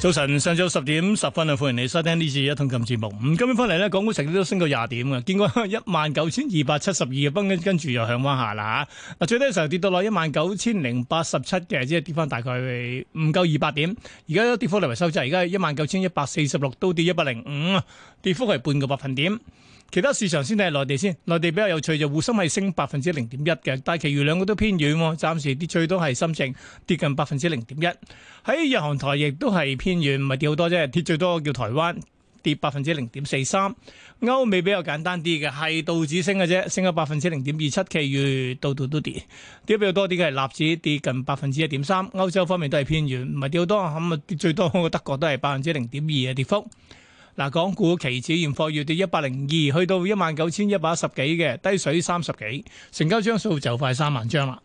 早晨，上晝十點十分啊，歡迎你收聽呢次一通金節目。咁今日翻嚟咧，港股成績都升到廿點嘅，見過一萬九千二百七十二嘅，跟跟住又向翻下啦吓。嗱，最低時候跌到落一萬九千零八十七嘅，即係跌翻大概唔夠二百點。而家跌幅嚟為收窄，而家一萬九千一百四十六都跌一百零五，跌幅係半個百分點。其他市場先睇係內地先，內地比較有趣就滬深係升百分之零點一嘅，但係其餘兩個都偏遠喎，暫時跌最多係深圳，跌近百分之零點一。喺日韓台亦都係偏遠，唔係跌好多啫，跌最多叫台灣跌百分之零點四三。歐美比較簡單啲嘅係道指升嘅啫，升咗百分之零點二七，其餘都都都跌，跌比較多啲嘅係納指跌近百分之一點三。歐洲方面都係偏遠，唔係跌好多，咁啊跌最多德國都係百分之零點二嘅跌幅。嗱，港股期指現貨月跌一百零二，去到一萬九千一百一十幾嘅，低水三十幾，成交張數就快三萬張啦。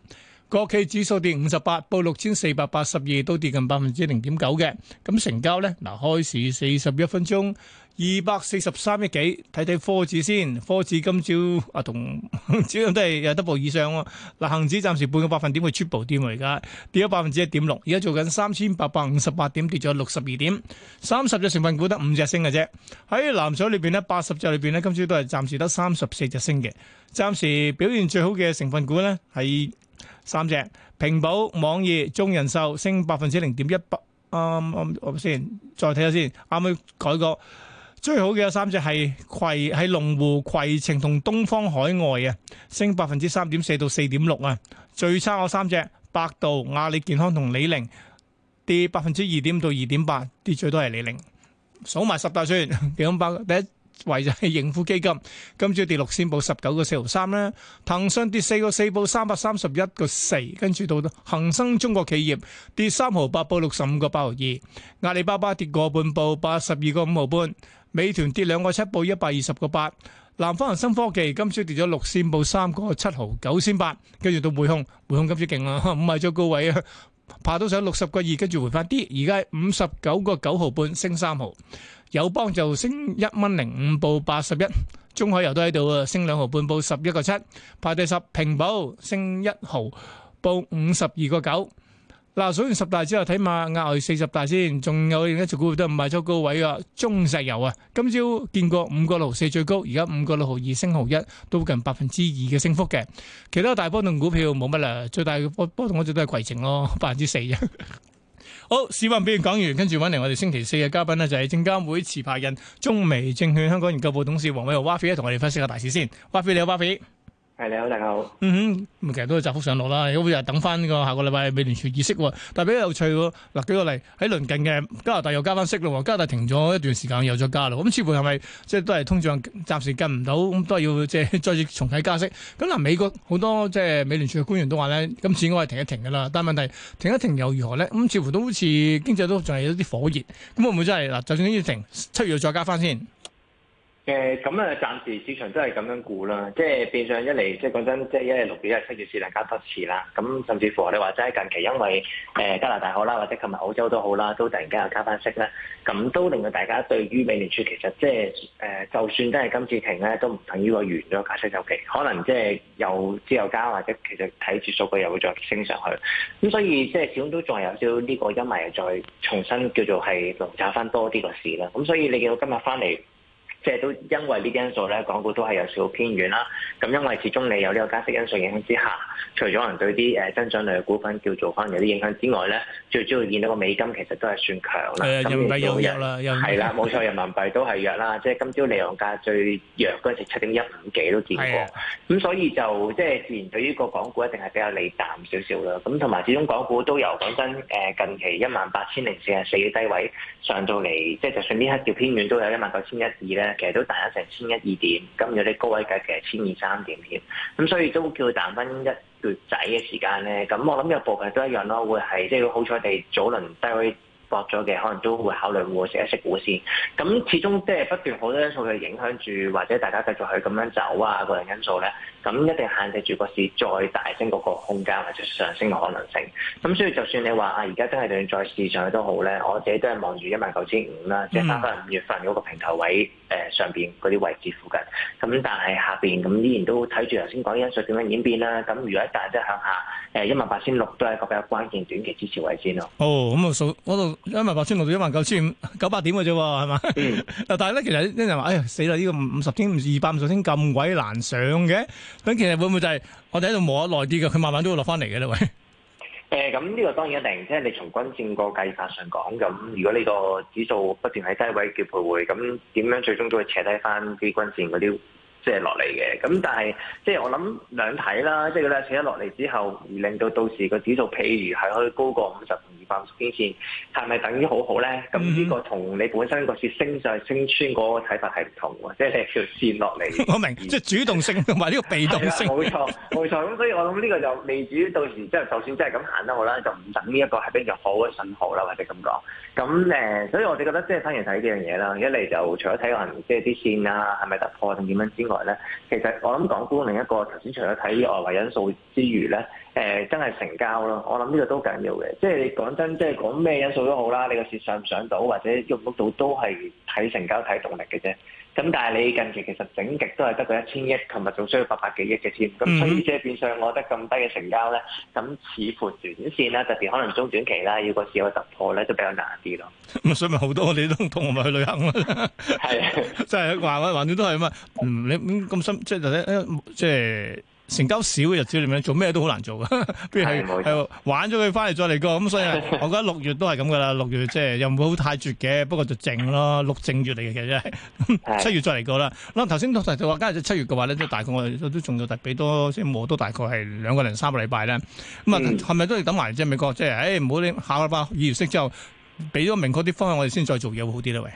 國企指數跌五十八，報六千四百八十二，都跌近百分之零點九嘅。咁成交咧，嗱，開市四十一分鐘。二百四十三億幾，睇睇科指先。科指今朝啊同朝都係有 double 以上喎。嗱，恒指暫時半個百分點會出步啲喎，而家跌咗百分之一點六。而家做緊三千八百五十八點，跌咗六十二點。三十隻成分股得五隻升嘅啫。喺藍彩裏邊咧，八十隻裏邊咧，今朝都係暫時得三十四隻升嘅。暫時表現最好嘅成分股咧係三隻：平保、網易、中人壽，升百分之零點一八。啱啱，我先再睇下先，啱啱改過。最好嘅有三隻係攜，係龍湖、攜程同東方海外啊，升百分之三點四到四點六啊。最差有三隻，百度、阿里健康同李寧跌百分之二點五到二點八，跌最多係李寧。數埋十大先，兩百第一位就係盈富基金，今朝跌六仙報，十九個四毫三啦。騰訊跌四個四報，三百三十一個四，跟住到恒生中國企業跌三毫八報，六十五個八毫二。阿里巴巴跌過半報，八十二個五毫半。美團跌兩個七，報一百二十個八。南方恒生科技今朝跌咗六線，報三個七毫九千八。跟住到匯控，匯控今朝勁啦，唔係最高位啊，爬到上六十個二，跟住回翻啲，而家五十九個九毫半，升三毫。友邦就升一蚊零五，報八十一。中海油都喺度啊，升兩毫半，10, 報十一個七。排第十，平保升一毫，報五十二個九。嗱，數完十大之後，睇下額外四十大先，仲有另一隻股票都係賣咗高位嘅，中石油啊，今朝見過五個六毫四最高，而家五個六毫二升毫一，都近百分之二嘅升幅嘅。其他大波動股票冇乜啦，最大波波動我最多係攜程咯，百分之四。 好，市民俾你講完，跟住搵嚟我哋星期四嘅嘉賓呢，就係證監會持牌人中微證券香港研究部董事黃偉豪 Wafi 同我哋分析下大市先。Wafi 你好 Wafi 係你好，大家好。嗯哼，咁其實都係窄幅上落啦。如果又等翻呢個下個禮拜美聯儲議息，但係比較有趣喎。嗱，舉個例，喺鄰近嘅加拿大又加翻息啦。加拿大停咗一段時間，又再加啦。咁似乎係咪即係都係通脹暫時跟唔到，咁都係要即係再次重啟加息？咁嗱，美國好多即係美聯儲嘅官員都話咧，今次應該係停一停噶啦。但係問題停一停又如何咧？咁、嗯、似乎都好似經濟都仲係有啲火熱。咁、嗯、會唔會真係嗱？就算呢啲停，七月再加翻先？誒咁啊，暫、呃、時市場都係咁樣估啦，即係變相一嚟，即係講真，即係一係六月，一係七月，市大加多次啦。咁甚至乎啊，你話真係近期因為誒、呃、加拿大好啦，或者琴日澳洲都好啦，都突然間又加翻息咧，咁都令到大家對於美聯儲其實即係誒，就算真係今次停咧，都唔等於個完咗加息周期，可能即係又之後加或者其實睇住數據又會再升上去。咁所以即係始終都仲係有少少呢個陰霾，再重新叫做係籠罩翻多啲個市啦。咁所以你見到今日翻嚟。即係都因為呢啲因素咧，港股都係有少少偏軟啦。咁因為始終你有呢個加息因素影響之下，除咗可能對啲誒增長類嘅股份叫做翻有啲影響之外咧，最主要見到個美金其實都係算強啦。嗯、那人民幣弱啦，係啦，冇、嗯、錯，人民幣都係弱啦。即係今朝離岸價最弱嗰陣七點一五幾都見過。咁、啊、所以就即係自然對於個港股一定係比較利淡少少啦。咁同埋始終港股都有講真誒，近期一萬八千零四十四嘅低位上到嚟，即係就算呢一刻叫偏軟都有一萬九千一二咧，其實都彈咗成千一二點，今日啲高位計其實千二三點添，咁所以都叫彈翻一月仔嘅時間咧。咁我諗有部分都一樣咯，會係即係好彩地早輪低位搏咗嘅，可能都會考慮會食一食股先。咁始終即係不斷好多因素影響住，或者大家繼續去咁樣走啊，個人因素咧，咁一定限制住個市再大升嗰個空間或者上升嘅可能性。咁所以就算你話啊，而家真係要再試上都好咧，我自己都係望住一萬九千五啦，即係翻翻五月份嗰個平頭位。誒上邊嗰啲位置附近，咁但係下邊咁依然都睇住頭先講因素點樣演變啦。咁如果一旦即係向下，誒一萬八千六都係一個比較關鍵短期支持位先咯。哦，咁啊數嗰度一萬八千六到一萬九千五九百點嘅啫喎，係嘛？嗯、 但係咧，其實啲人話：哎呀，死啦！呢、呢個五十天、二百五十天咁鬼難上嘅。咁其實會唔會就係我哋喺度磨耐啲嘅？佢慢慢都會落翻嚟嘅啦，喂。誒咁呢個當然一定，即係你從均線個計法上講，咁如果呢個指數不斷喺低位叫徘徊，咁點樣最終都會扯低翻啲均線嗰啲即係落嚟嘅。咁、嗯、但係即係我諗兩睇啦，即係佢咧跌咗落嚟之後，而令到到時個指數譬如係可以高過五十。慢速天線係咪等於好好咧？咁呢個同你本身個線升上去、升穿嗰個睇法係唔同喎，即係你係叫線落嚟。我明，即、就、係、是、主動性同埋呢個被動性。 冇錯，冇錯。咁所以我諗呢個就未至於到時，即係就算真係咁行得好啦，就唔等呢一個係比較好嘅信號啦，或者咁講。咁誒，所以我哋覺得即係反而睇呢樣嘢啦。一嚟就除咗睇可能即係啲線啊，係咪突破定點樣之外咧，其實我諗港股另一個頭先除咗睇外圍因素之餘咧，誒、欸，真係成交咯。我諗呢個都緊要嘅，即係你講。即係講咩因素都好啦，你個市上唔上到或者喐唔喐到都係睇成交睇動力嘅啫。咁但係你近期其實整極都係得到一千億，琴日仲需要八百幾億嘅先。咁所以即係變相我覺得咁低嘅成交咧，咁似乎短線啦，特別可能中短期啦，要個市有突破咧，都比較難啲咯。咁、 嗯、所以咪好多你都同我咪去旅行咯。係，真係話話你都係啊嘛。 嘛嗯、你咁、嗯、深即係即係。即成交少嘅日子裏面做咩都好難做嘅，譬 如係是 玩咗佢翻嚟再嚟過，咁所以我覺得六月都係咁噶啦，六月即、就、係、是、又唔會好太絕嘅，不過就靜咯，六正月嚟嘅啫，七、就是、 月再嚟過啦。嗱，頭先都提過，今日就七月嘅話咧，都大概我哋都仲要提，俾多即係我都大概係兩個零三個禮拜咧。咁啊、嗯，係咪都要等埋即先？美國即係，誒、就是，唔好你考一巴，下個禮拜二月息之後俾咗明確啲方向，我哋先再做嘢會好啲咧？喂。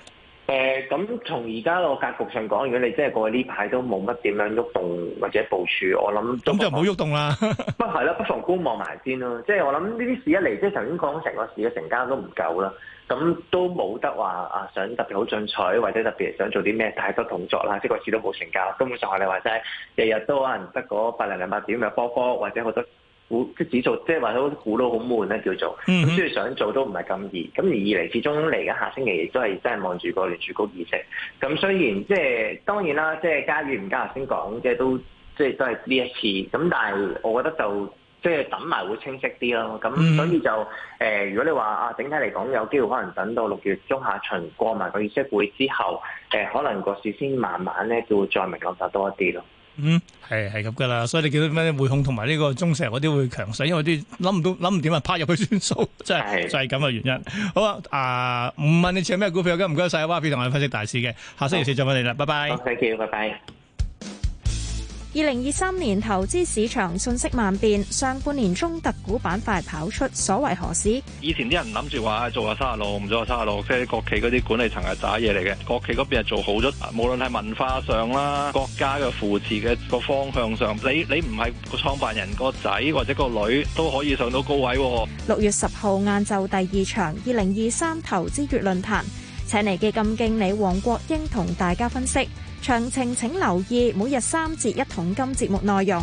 誒咁從而家個格局上講，如果你真係過去呢排都冇乜點樣喐動或者部署，我諗，咁就唔好喐動啦。不係啦，不妨觀望埋先咯。即係我諗呢啲事一嚟，即係頭先講成個市嘅成交都唔夠啦，咁都冇得話啊想特別好進取或者特別想做啲咩太多動作啦。即係個市都冇成交，根本上我哋話齋日日都可能得嗰八零零八點嘅波波或者好多。股即指數，即係話都股都好悶咧，叫做咁，所以想做都唔係咁易。咁而二嚟始終嚟緊下星期都係真係望住個聯儲局議息。咁雖然即係當然啦，即係加與唔加頭先講，即係都即係都係呢一次。咁但係我覺得就即係等埋會清晰啲咯。咁所以就誒，如果你話啊，整體嚟講有機會可能等到六月中下旬過埋個議息會之後，誒可能個市先慢慢咧就會再明朗確多一啲咯。嗯，係係咁噶啦，所以你見到咩匯控同埋呢個中石，嗰啲會強勢，因為啲諗唔到諗唔掂啊，拍入去算數， 真係是 就係咁嘅原因。好啊，啊、呃、唔問你炒咩股票，我而家唔該晒，阿威同我哋分析大市嘅，下星期四再問你啦，拜拜好。拜拜 bye。二零二三年投資市場瞬息萬變，上半年中特股板塊跑出，所為何事？以前啲人諗住話做下三十六，唔做下三十六，即係國企嗰啲管理層係渣嘢嚟嘅。國企嗰邊係做好咗，無論係文化上啦，國家嘅扶持嘅個方向上，你你唔係個創辦人個仔或者個女都可以上到高位啊。六月十號晏晝第二場二零二三投資月論壇。請嚟嘅基金經理黃國英同大家分析，詳情請留意每日三節一桶金節目內容。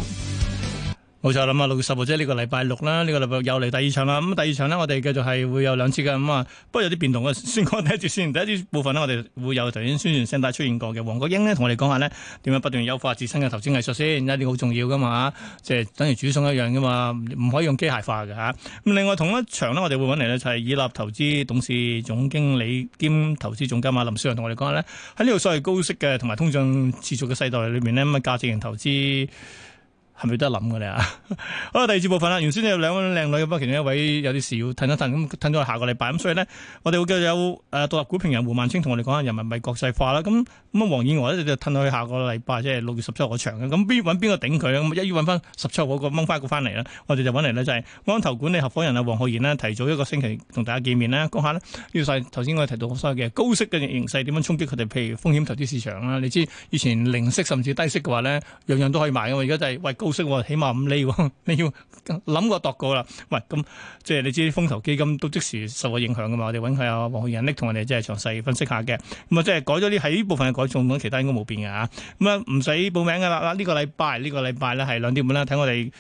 冇錯啦，咁啊六月十號即係呢個禮拜六啦，呢個禮拜六又嚟第二場啦。咁第二場呢，我哋繼續係會有兩次嘅。咁啊，不過有啲變動嘅。先講第一段先，第一段部分呢，我哋會有頭先宣傳聲帶出現過嘅。黃國英呢，同我哋講下呢點樣不斷優化自身嘅投資藝術先，呢啲好重要噶嘛。即係等於主送一樣噶嘛，唔可以用機械化嘅吓。咁另外同一場呢，我哋會搵嚟呢就係以立投資董事總經理兼投資總監啊林少陽同我哋講下呢，喺呢個所謂高息嘅同埋通脹持續嘅世代裏面呢，咁啊價值型投資。係咪都係諗嘅咧？是是 好，第二節部分啦。原先有兩位靚女，不過其中一位有啲事要褪一褪，咁褪咗去下個禮拜。咁所以呢，我哋會繼續有誒獨立股評人胡萬清同我哋講下人民幣國際化啦。咁咁啊，黃燕娥咧就褪落去下個禮拜，即係六月十七號嘅場，咁邊揾邊個頂佢，咁一要揾翻十七號個掹翻個翻嚟啦。我哋就揾嚟呢，就係安投管理合伙人啊，黃浩然呢，提早一個星期同大家見面啦。講下呢，要晒頭先我提到所謂嘅高息嘅形勢點樣衝擊佢哋，譬如風險投資市場啦。你知以前零息甚至低息嘅話呢，樣樣都可以買嘅嘛。而家就係、是、為好識喎，起碼唔理喎，你要諗過度過啦。喂，咁即係你知啲風投基金都即時受過影響噶嘛，我哋揾佢黃偉豪呢同我哋即係詳細分析下嘅。咁啊，即係改咗啲喺呢部分嘅改動，咁其他應該冇變嘅嚇。咁啊，唔使報名噶啦。呢個禮拜，呢個禮拜咧係兩點半啦，睇我哋。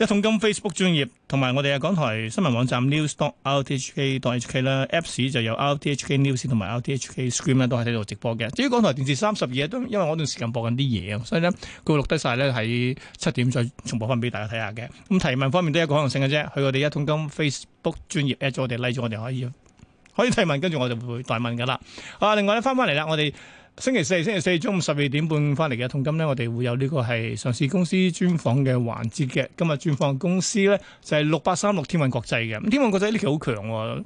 一桶金 Facebook 專頁同埋我哋嘅港台新聞網站 news dot rthk dot hk 啦，Apps 就有 RTHK News 同埋 RTHK Screen 啦，都係喺度直播嘅。至於港台電視三十二日都，因為我段時間播緊啲嘢，所以咧佢錄得晒咧，喺七點再重播翻俾大家睇下嘅。咁提問方面都有一個可能性嘅啫，去我哋一桶金 Facebook 專頁 at 咗我哋，like 咗我哋可以可以提問，跟住我就會代問噶啦。啊，另外咧翻返嚟啦，我哋。星期四，星期四中午十二點半翻嚟嘅。同金咧，我哋會有呢個係上市公司專訪嘅環節嘅。今日專訪公司咧就係六百三六天運國際嘅。咁天運國際呢期好強、哦，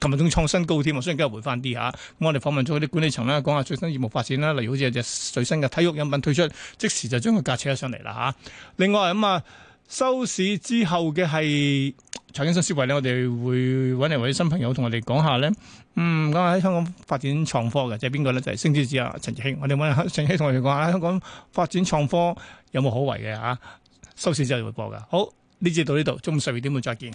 琴日仲創新高添，雖然今日回翻啲嚇。咁、啊嗯、我哋訪問咗啲管理層啦，講下最新業務發展啦，例如好似有隻最新嘅體育飲品推出，即時就將佢架車咗上嚟啦嚇。另外咁、嗯、啊，收市之後嘅係。財經新思維咧，我哋會揾嚟位新朋友同我哋講下咧。嗯，咁喺香港發展創科嘅，即係邊個咧？就係星之子啊，陳志興。我哋揾陳志興同我哋講下香港發展創科有冇可為嘅啊？收市之後會播噶。好，呢節到呢度，中午十二點半再見。